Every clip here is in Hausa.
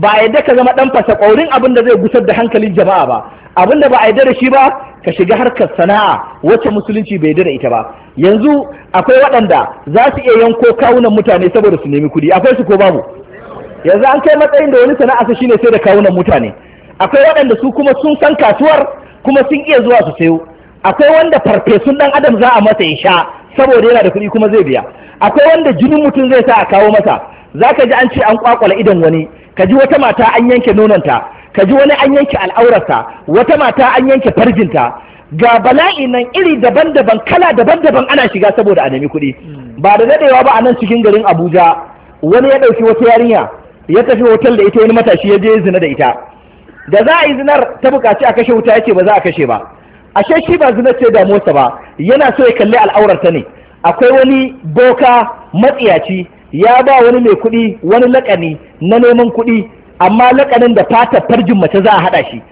ba a yadda ka zama ɗan fasa ƙaurin abin da zai gusar da hankalin jama'a ba abin da ba a yadda da shi ba ka shiga harkar sana'a wacce musulunci bai yadda da ita ba yanzu akwai waɗanda za su iya yanko kawunan mutane saboda su nemi kuɗi akwai su ko babu yanzu an kai matsayin da wani sana'a su shine sai da kawunan mutane akwai waɗanda su kuma sun san kasuwar kuma sun iya zuwa su sayo akwai wanda farfesun ɗan adam za a masa ya sha saboda yana da kuɗi kuma zai biya akwai wanda jinin mutum zai sa a kawo masa za ka ji an ce an kwakwala idan wani ka ji wata mata an yanke nononta ka ji wani an yanke al'aurarsa wata mata an yanke farjinta ga bala'i nan iri daban-daban kala daban-daban ana shiga saboda a nemi kuɗi hmm. ba da daɗewa ba a nan cikin garin abuja wani ya ɗauki wata yarinya ya tafi hotel da ita wani matashi ya je zina da ita da za a yi zinar ta buƙaci a kashe wuta yake ba za a kashe ba ashe shi ba zinar ce damuwarsa ba yana so ya kalli al'aurarta ne akwai wani boka matsiyaci ya ba wani mai kuɗi wani laƙani na neman kuɗi amma laƙanin da fatar farjin mace za a haɗa shi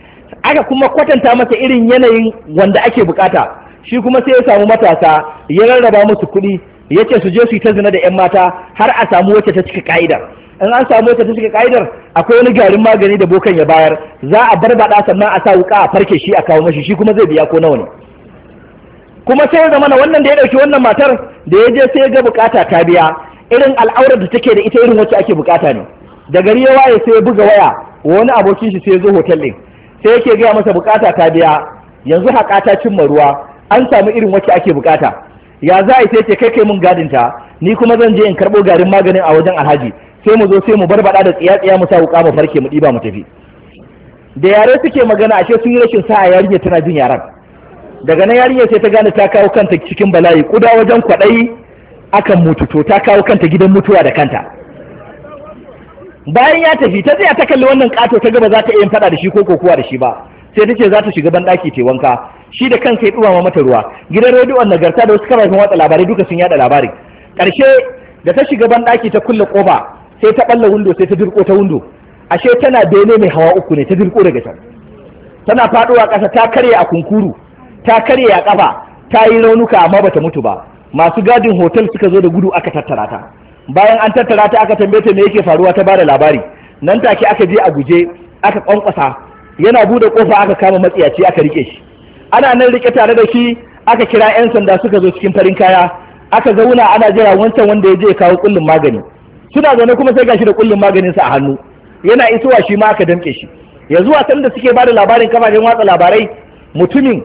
aka kuma kwatanta masa irin yanayin wanda ake bukata shi kuma sai ya samu matasa ya rarraba musu kuɗi ya ce su je su yi ta zina da 'yan mata har a samu wacce ta cika ka'idar in an samu wacce ta cika ka'idar akwai wani garin magani da bokan ya bayar za a barbaɗa sannan a sa wuka a farke shi a kawo mashi shi kuma zai biya ko nawa ne kuma sai ya zama wannan da ya ɗauki wannan matar da ya je sai ya ga bukata ta biya irin al'aurar da take da ita irin wacce ake bukata ne da gari ya waye sai ya buga waya wani abokin shi sai ya zo hotel din sai yake gaya masa bukata ta biya yanzu haƙa ta cimma ruwa an samu irin wacce ake bukata ya za a yi kai kai mun gadin ta ni kuma zan je in karɓo garin maganin a wajen alhaji sai mu zo sai mu barbada da tsiya tsiya mu sa wuka mu farke mu ɗiba mu tafi da yare suke magana ashe sun yi rashin sa'a yarinya tana jin yaran daga nan yarinya sai ta gane ta kawo kanta cikin bala'i kuda wajen kwaɗayi akan mutu to ta kawo kanta gidan mutuwa da kanta bayan ya tafi ta tsaya ta kalli wannan kato ta gaba za ta iya faɗa da shi ko kokuwa da shi ba sai ta ce za ta shiga banɗaki ta wanka shi da kansa ya ma mata ruwa gidan rediyon nagarta da wasu kafafen watsa labarai duka sun yada labari. karshe da ta shiga banɗaki ta kulle koba sai ta ɓalla windo sai ta dirko ta windo ashe tana bene mai hawa uku ne ta dirko daga can tana faɗuwa kasa ta karya a kunkuru ta karya a kafa ta yi raunuka amma bata mutu ba masu gadin hotel suka zo da gudu aka tattara ta bayan an tattara ta aka tambaye ta me yake faruwa ta bada labari nan take aka je a guje aka kwankwasa yana bude kofa aka kama matsiyaci aka rike shi ana nan rike tare da shi aka kira yan sanda suka zo cikin farin kaya aka zauna ana jira wancan wanda ya je ya kawo kullun magani suna zaune kuma sai gashi da kullun maganin sa a hannu yana isowa shi ma aka damke shi yanzu wasan da suke bada labarin kafafen watsa labarai mutumin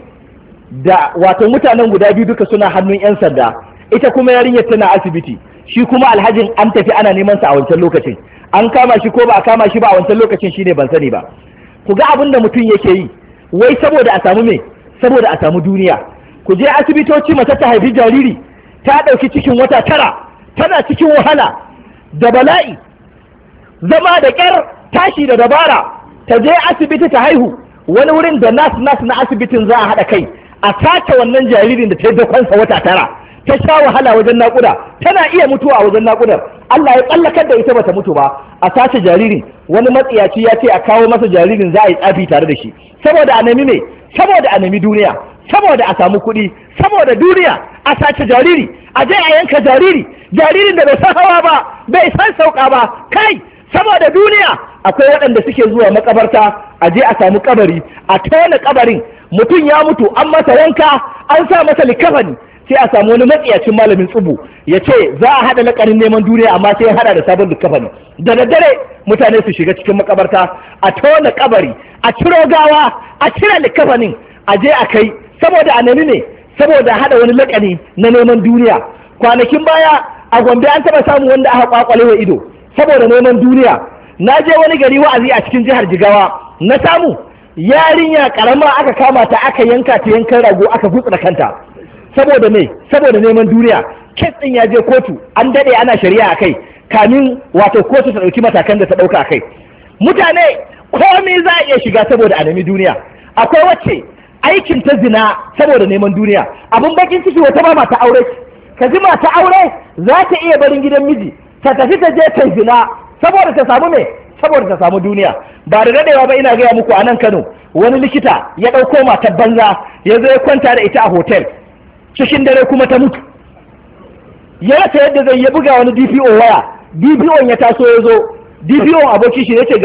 da wato mutanen guda biyu duka suna hannun 'yan sanda ita kuma yarinyar tana asibiti shi kuma alhajin an tafi ana neman sa a wancan lokacin an kama shi ko ba a kama shi ba a wancan lokacin shine ban sani ba ku ga abin da mutum yake yi wai saboda a samu me saboda a samu duniya ku je asibitoci mace ta haifi jariri ta ɗauki cikin wata tara tana cikin wahala da bala'i zama da kyar tashi da dabara ta je asibiti ta haihu wani wurin da nas nas na asibitin za a haɗa kai a sace wannan jaririn da ta dokansa wata tara ta sha wahala wajen naƙuda tana iya mutuwa a wajen naƙudar Allah ya tsallakar da ita bata mutu ba a sace jaririn wani matsiyaci ya ce a kawo masa jaririn za a yi tsafi tare da shi saboda a nemi me saboda a nemi duniya saboda a samu kuɗi saboda duniya a sace jariri a je a yanka jariri jaririn da bai san hawa ba bai san sauka ba kai saboda duniya akwai waɗanda suke zuwa makabarta a je a samu kabari a tona kabarin mutum ya mutu an masa wanka an sa masa likafani sai a samu wani matsiyacin malamin tsubu ya ce za a haɗa lakarin neman duniya amma sai ya haɗa da sabon likafani da daddare mutane su shiga cikin makabarta a tona kabari a ciro gawa a cire likafanin a je a kai saboda a nemi ne saboda haɗa wani lakani na neman duniya kwanakin baya a gombe an taɓa samun wanda aka kwakwale wa ido saboda neman duniya na je wani gari wa'azi a cikin jihar jigawa na samu yarinya karama aka kama ta aka yanka ta yankan rago aka gutsura kanta saboda me saboda neman duniya kes ɗin ya je kotu an dade ana shari'a a kai, kamin wato kotu ta dauki matakan da ta dauka kai. mutane komai za a iya shiga saboda a nemi duniya akwai wacce aikin ta zina saboda neman duniya abin bakin ciki wata ba mata aure ka ji mata aure za ta iya barin gidan miji ta tafi ta je ta zina saboda ta samu me saboda ta samu duniya ba da dadewa ba ina gaya muku a nan Kano wani likita ya ɗauko matar banza ya zo ya kwanta da ita a hotel cikin dare kuma ta mutu ya rasa yadda zai ya buga wani DPO waya DPO ya taso ya zo DPO abokin shi ce ga